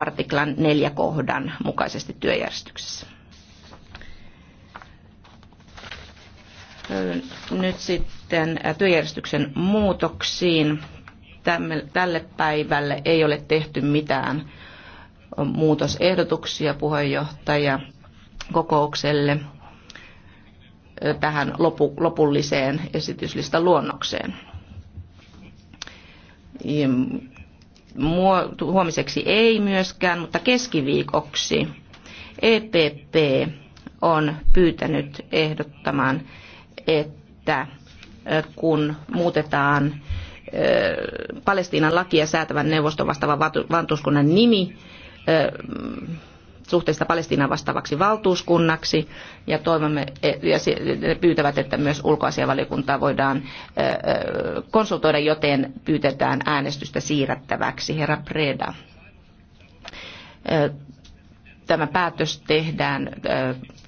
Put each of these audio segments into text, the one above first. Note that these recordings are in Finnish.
artiklan neljä kohdan mukaisesti työjärjestyksessä. Nyt sitten äh, työjärjestyksen muutoksiin. Tälle päivälle ei ole tehty mitään muutosehdotuksia puheenjohtaja kokoukselle äh, tähän lopu, lopulliseen esityslistaluonnokseen. luonnokseen huomiseksi ei myöskään, mutta keskiviikoksi EPP on pyytänyt ehdottamaan, että kun muutetaan Palestiinan lakia säätävän neuvoston vastaavan valtuuskunnan nimi suhteista Palestiinan vastaavaksi valtuuskunnaksi ja, toivomme, e, ja pyytävät, että myös ulkoasiavaliokuntaa voidaan e, e, konsultoida, joten pyytetään äänestystä siirrettäväksi. Herra Preda tämä päätös tehdään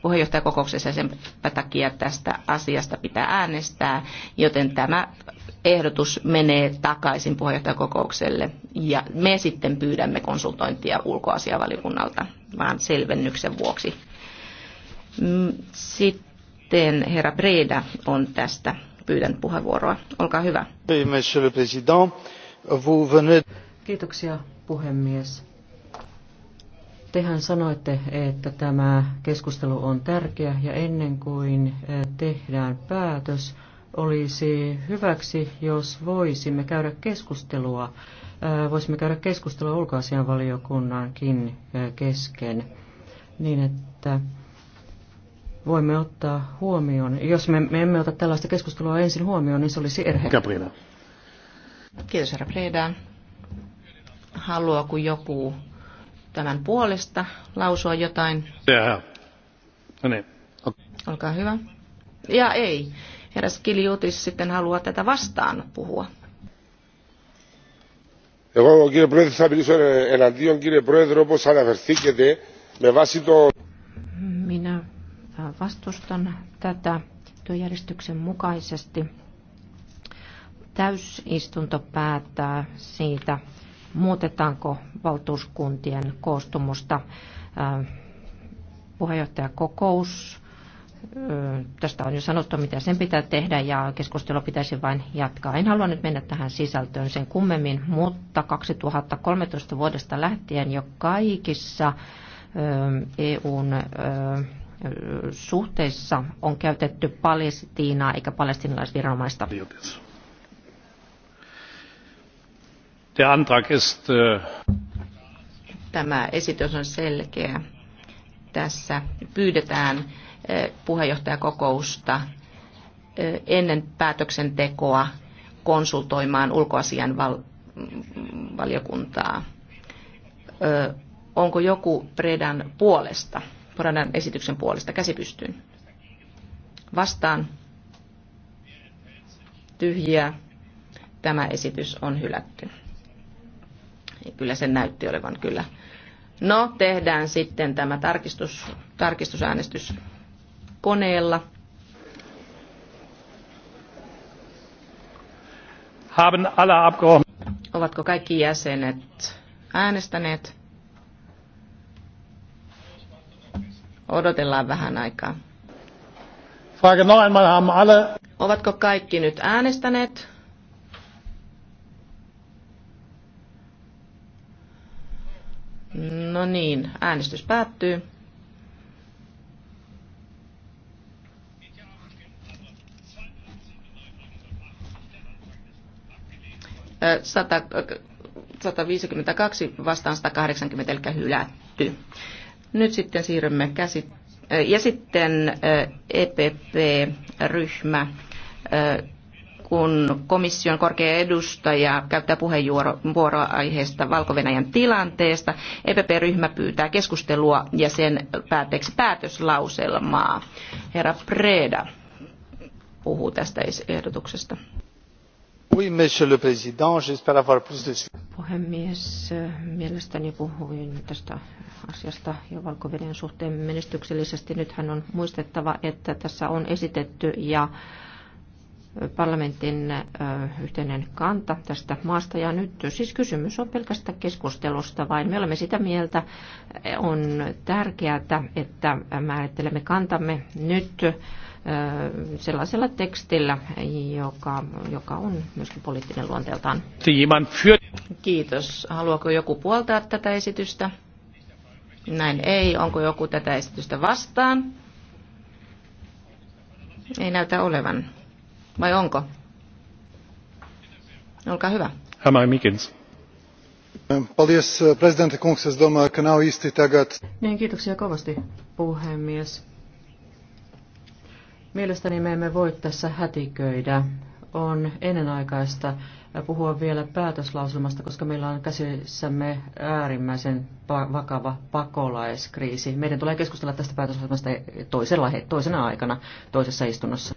puheenjohtajakokouksessa ja sen takia tästä asiasta pitää äänestää, joten tämä ehdotus menee takaisin puheenjohtajakokoukselle ja me sitten pyydämme konsultointia ulkoasiavaliokunnalta vaan selvennyksen vuoksi. Mm, sitten herra Breda on tästä. Pyydän puheenvuoroa. Olkaa hyvä. Kiitoksia puhemies Tehän sanoitte, että tämä keskustelu on tärkeä ja ennen kuin eh, tehdään päätös, olisi hyväksi, jos voisimme käydä keskustelua, eh, voisimme käydä keskustelua ulkoasianvaliokunnankin eh, kesken, niin että voimme ottaa huomioon. Jos me, me emme ota tällaista keskustelua ensin huomioon, niin se olisi erhe. Gabriela. Kiitos, herra Haluaako joku tämän puolesta lausua jotain? Jaa. No niin. Olkaa hyvä. Ja ei. Herra Kiljutis sitten haluaa tätä vastaan puhua. Εγώ κύριε Πρόεδρε θα μιλήσω εναντίον κύριε Πρόεδρε όπως αναφερθήκετε με βάση το... Minä vastustan tätä työjärjestyksen mukaisesti. Täysistunto päättää siitä, muutetaanko valtuuskuntien koostumusta. Puheenjohtajakokous, tästä on jo sanottu, mitä sen pitää tehdä ja keskustelua pitäisi vain jatkaa. En halua nyt mennä tähän sisältöön sen kummemmin, mutta 2013 vuodesta lähtien jo kaikissa EUn suhteissa on käytetty Palestiinaa eikä palestinalaisviranomaista. Kiitos. Der Antrag ist, äh, Tämä esitys on selkeä. Tässä pyydetään äh, puheenjohtajakokousta äh, ennen päätöksentekoa konsultoimaan ulkoasian val- valiokuntaa. onko joku Predan puolesta, Predan esityksen puolesta käsi pystyyn? Vastaan. Tyhjiä. Tämä esitys on hylätty. Kyllä se näytti olevan kyllä. No, tehdään sitten tämä tarkistus, tarkistusäänestys koneella. Haben alle Ovatko kaikki jäsenet äänestäneet? Odotellaan vähän aikaa. Frage noch einmal, haben alle... Ovatko kaikki nyt äänestäneet? niin, äänestys päättyy. Äh, 100, 152 vastaan 180, eli hylätty. Nyt sitten siirrymme käsi... Ja sitten EPP-ryhmä kun komission korkea edustaja käyttää puheenvuoroa aiheesta valko tilanteesta. EPP-ryhmä pyytää keskustelua ja sen päätteeksi päätöslauselmaa. Herra Preda puhuu tästä ehdotuksesta. Oui, monsieur le président, j'espère avoir plus de... Puhemies, mielestäni puhuin tästä asiasta jo valko suhteen menestyksellisesti. Nythän on muistettava, että tässä on esitetty ja parlamentin yhteinen kanta tästä maasta. Ja nyt siis kysymys on pelkästä keskustelusta, vain me olemme sitä mieltä, on tärkeää, että määrittelemme kantamme nyt sellaisella tekstillä, joka, joka on myöskin poliittinen luonteeltaan. Kiitos. Haluaako joku puoltaa tätä esitystä? Näin ei. Onko joku tätä esitystä vastaan? Ei näytä olevan. Vai onko? Olkaa hyvä. Hämä Mikins. Ähm, paldies, äh, presidentti Kungs, doma kanao isti tagat. Niin, kiitoksia kovasti, puhemies. Mielestäni me emme voi tässä hätiköidä. On ennenaikaista puhua vielä päätöslauselmasta, koska meillä on käsissämme äärimmäisen vakava pakolaiskriisi. Meidän tulee keskustella tästä päätöslauselmasta toisella, toisena aikana toisessa istunnossa.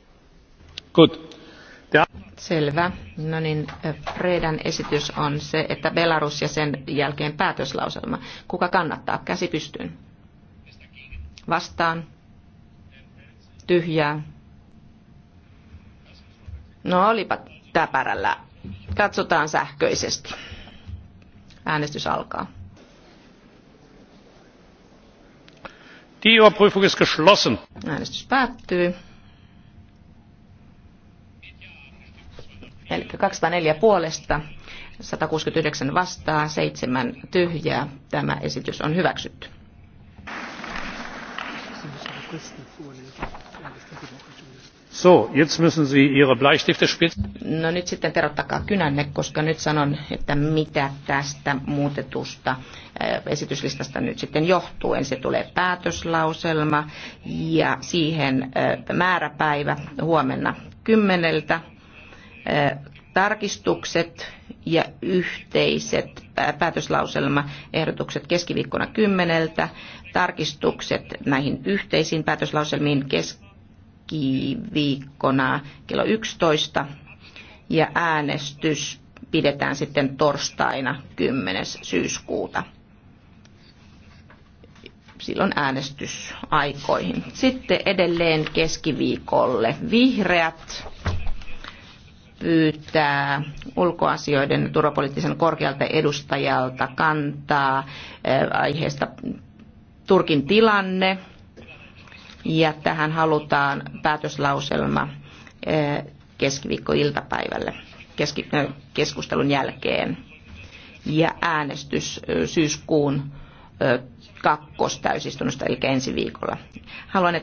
Selvä. No niin, Fredan eh, esitys on se, että Belarus ja sen jälkeen päätöslauselma. Kuka kannattaa? Käsi pystyyn. Vastaan. Tyhjää. No olipa täpärällä. Katsotaan sähköisesti. Äänestys alkaa. Die Überprüfung ist geschlossen. Äänestys päättyy. Eli 204 puolesta, 169 vastaan, 7 tyhjää. Tämä esitys on hyväksytty. So, jetzt müssen Sie Ihre Bleistifte spitzen. No nyt sitten terottakaa kynänne, koska nyt sanon, että mitä tästä muutetusta äh, esityslistasta nyt sitten johtuu. Ensin tulee päätöslauselma ja siihen äh, määräpäivä huomenna kymmeneltä tarkistukset ja yhteiset päätöslauselmaehdotukset keskiviikkona kymmeneltä. Tarkistukset näihin yhteisiin päätöslauselmiin keskiviikkona kello 11 ja äänestys pidetään sitten torstaina 10. syyskuuta silloin äänestysaikoihin. Sitten edelleen keskiviikolle vihreät pyytää ulkoasioiden turvapoliittisen korkealta edustajalta kantaa eh, aiheesta Turkin tilanne. Ja tähän halutaan päätöslauselma eh, keskiviikkoiltapäivälle eh, keskustelun jälkeen ja äänestys syyskuun kakkostäysistunnosta, eli ensi viikolla. Haluan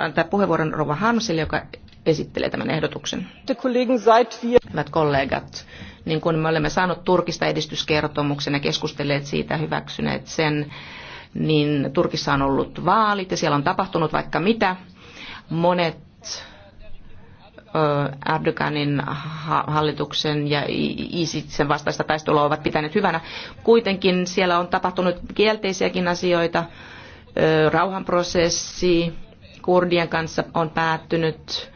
antaa puheenvuoron Rova Harmsille, joka esittelee tämän ehdotuksen. Hyvät kollegat, niin kuin me olemme saaneet Turkista edistyskertomuksen ja keskustelleet siitä, hyväksyneet sen, niin Turkissa on ollut vaalit ja siellä on tapahtunut vaikka mitä. Monet Erdoganin hallituksen ja ISISin vastaista taistelua ovat pitäneet hyvänä. Kuitenkin siellä on tapahtunut kielteisiäkin asioita. Rauhanprosessi kurdien kanssa on päättynyt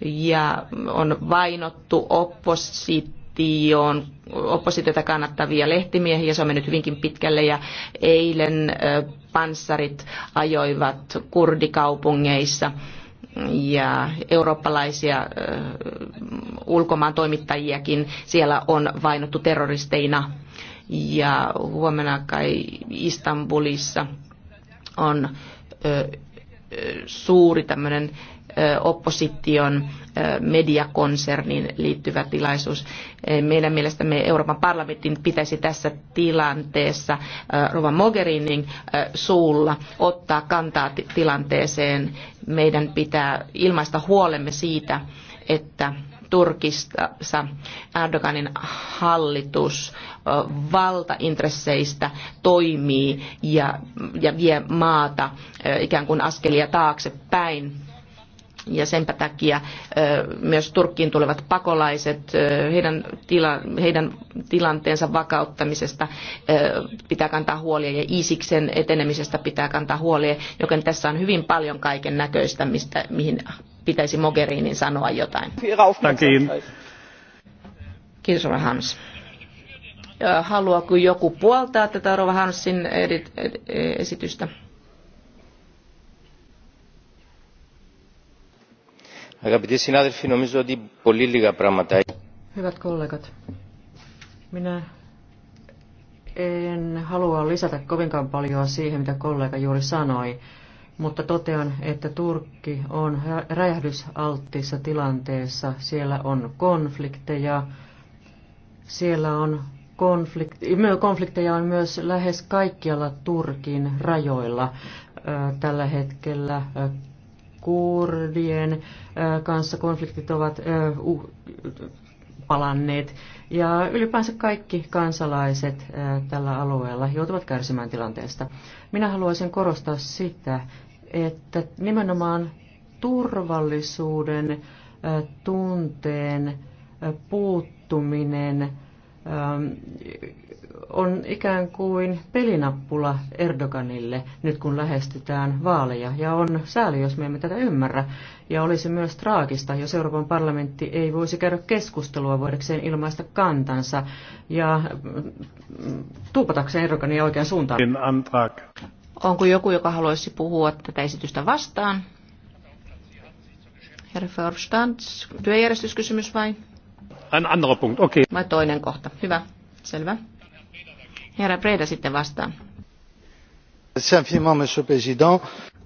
ja on vainottu oppositioon oppositiota kannattavia lehtimiehiä. Se on mennyt hyvinkin pitkälle ja eilen panssarit ajoivat kurdikaupungeissa ja eurooppalaisia ulkomaan toimittajiakin siellä on vainottu terroristeina. Ja huomenna kai Istanbulissa on suuri tämmöinen opposition mediakonserniin liittyvä tilaisuus. E, meidän mielestämme Euroopan parlamentin pitäisi tässä tilanteessa Rova Mogherinin suulla ottaa kantaa tilanteeseen. Meidän pitää ilmaista huolemme siitä, että Turkissa Erdoganin hallitus valtaintresseistä toimii ja, ja vie maata ikään kuin askelia taaksepäin ja senpä takia myös Turkkiin tulevat pakolaiset, heidän, tila, heidän tilanteensa vakauttamisesta pitää kantaa huolia ja Isiksen etenemisestä pitää kantaa huolia, joten tässä on hyvin paljon kaiken näköistä, mistä, mihin pitäisi Mogherinin sanoa jotain. Kiitos, Hans. Haluaako joku puoltaa tätä Rova Hansin esitystä? Hyvät kollegat, minä en halua lisätä kovinkaan paljon siihen, mitä kollega juuri sanoi, mutta totean, että Turkki on räjähdysalttiissa tilanteessa. Siellä on konflikteja, siellä on konflikti, konflikteja on myös lähes kaikkialla Turkin rajoilla tällä hetkellä kurdien kanssa konfliktit ovat palanneet ja ylipäänsä kaikki kansalaiset tällä alueella joutuvat kärsimään tilanteesta. Minä haluaisin korostaa sitä, että nimenomaan turvallisuuden tunteen puuttuminen Ähm, on ikään kuin pelinappula Erdoganille nyt kun lähestytään vaaleja. Ja on sääli, jos me emme tätä ymmärrä. Ja olisi myös traagista, jos Euroopan parlamentti ei voisi käydä keskustelua voidakseen ilmaista kantansa ja mm, tuupatakseen Erdogania oikean suuntaan. Onko joku, joka haluaisi puhua tätä esitystä vastaan? Herra Förstans, työjärjestyskysymys vai? Ein anderer Punkt, Okay. Vai toinen kohta. Hyvä, selvä. Herra Preda sitten vastaa.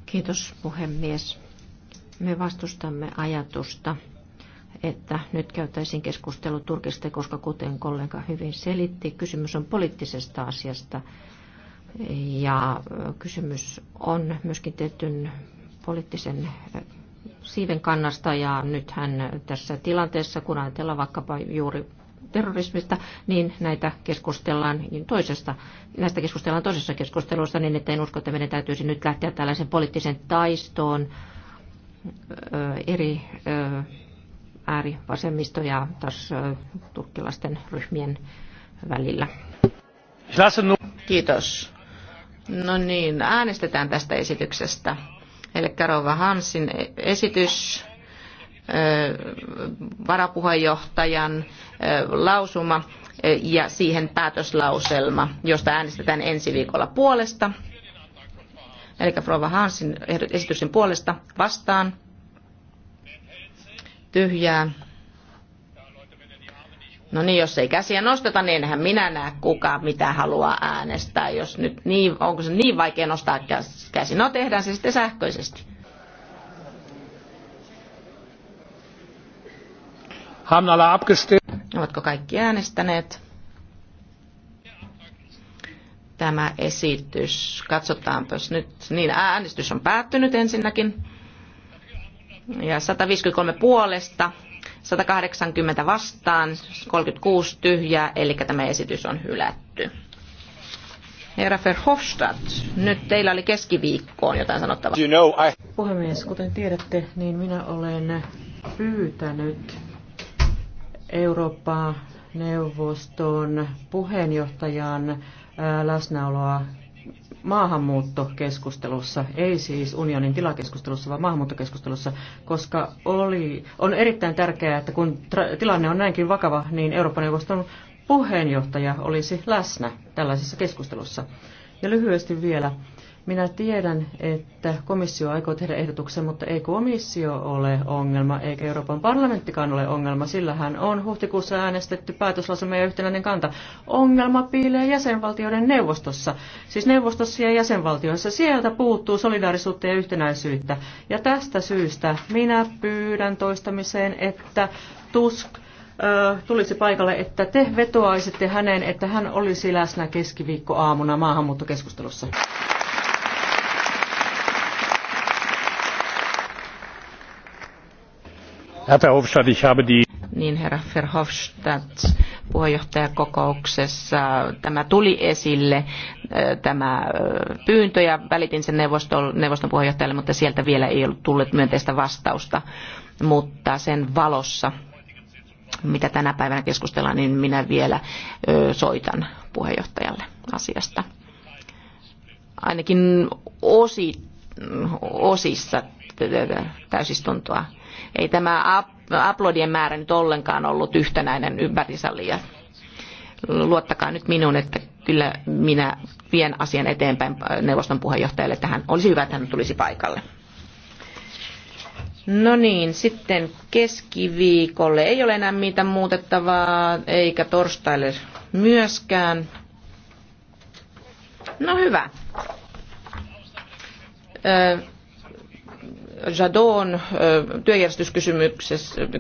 Kiitos puhemies. Me vastustamme ajatusta, että nyt käytäisiin keskustelu Turkista, koska kuten kollega hyvin selitti, kysymys on poliittisesta asiasta. Ja kysymys on myöskin tietyn poliittisen siiven kannasta ja nythän tässä tilanteessa, kun ajatellaan vaikkapa juuri terrorismista, niin näitä keskustellaan toisesta, näistä keskustellaan toisessa keskustelussa, niin että en usko, että meidän täytyisi nyt lähteä tällaisen poliittisen taistoon eri äärivasemmisto ja taas turkkilaisten ryhmien välillä. Kiitos. No niin, äänestetään tästä esityksestä. Eli Rova Hansin esitys, varapuheenjohtajan lausuma ja siihen päätöslauselma, josta äänestetään ensi viikolla puolesta. Eli Rova Hansin esityksen puolesta vastaan. Tyhjää. No niin, jos ei käsiä nosteta, niin enhän minä näe kuka mitä haluaa äänestää. Jos nyt niin, onko se niin vaikea nostaa käsi? No tehdään se sitten sähköisesti. Ovatko kaikki äänestäneet? Tämä esitys, katsotaanpas nyt, niin äänestys on päättynyt ensinnäkin. Ja 153 puolesta, 180 vastaan, 36 tyhjää, eli tämä esitys on hylätty. Herra Verhofstadt, nyt teillä oli keskiviikkoon jotain sanottavaa. You know, I... Puhemies, kuten tiedätte, niin minä olen pyytänyt Euroopan neuvoston puheenjohtajan läsnäoloa maahanmuuttokeskustelussa, ei siis unionin tilakeskustelussa, vaan maahanmuuttokeskustelussa, koska oli, on erittäin tärkeää, että kun tilanne on näinkin vakava, niin Euroopan neuvoston puheenjohtaja olisi läsnä tällaisessa keskustelussa. Ja lyhyesti vielä, minä tiedän, että komissio aikoo tehdä ehdotuksen, mutta ei komissio ole ongelma, eikä Euroopan parlamenttikaan ole ongelma. Sillähän on huhtikuussa äänestetty päätöslausuma ja yhtenäinen kanta. Ongelma piilee jäsenvaltioiden neuvostossa, siis neuvostossa ja jäsenvaltioissa. Sieltä puuttuu solidaarisuutta ja yhtenäisyyttä. Ja tästä syystä minä pyydän toistamiseen, että tusk tulisi paikalle, että te vetoaisitte häneen, että hän olisi läsnä keskiviikkoaamuna maahanmuuttokeskustelussa. Niin herra Verhofstadt, puheenjohtajakokouksessa tämä tuli esille, tämä pyyntö, ja välitin sen neuvoston, neuvoston puheenjohtajalle, mutta sieltä vielä ei ollut tullut myönteistä vastausta. Mutta sen valossa, mitä tänä päivänä keskustellaan, niin minä vielä soitan puheenjohtajalle asiasta. Ainakin osi, osissa täysistuntoa ei tämä aplodien määrä nyt ollenkaan ollut yhtenäinen ympäri salia. Luottakaa nyt minun, että kyllä minä vien asian eteenpäin neuvoston puheenjohtajalle. hän olisi hyvä, että hän tulisi paikalle. No niin, sitten keskiviikolle ei ole enää mitään muutettavaa, eikä torstaille myöskään. No hyvä. Öö, Jadon työjärjestyskysymyksestä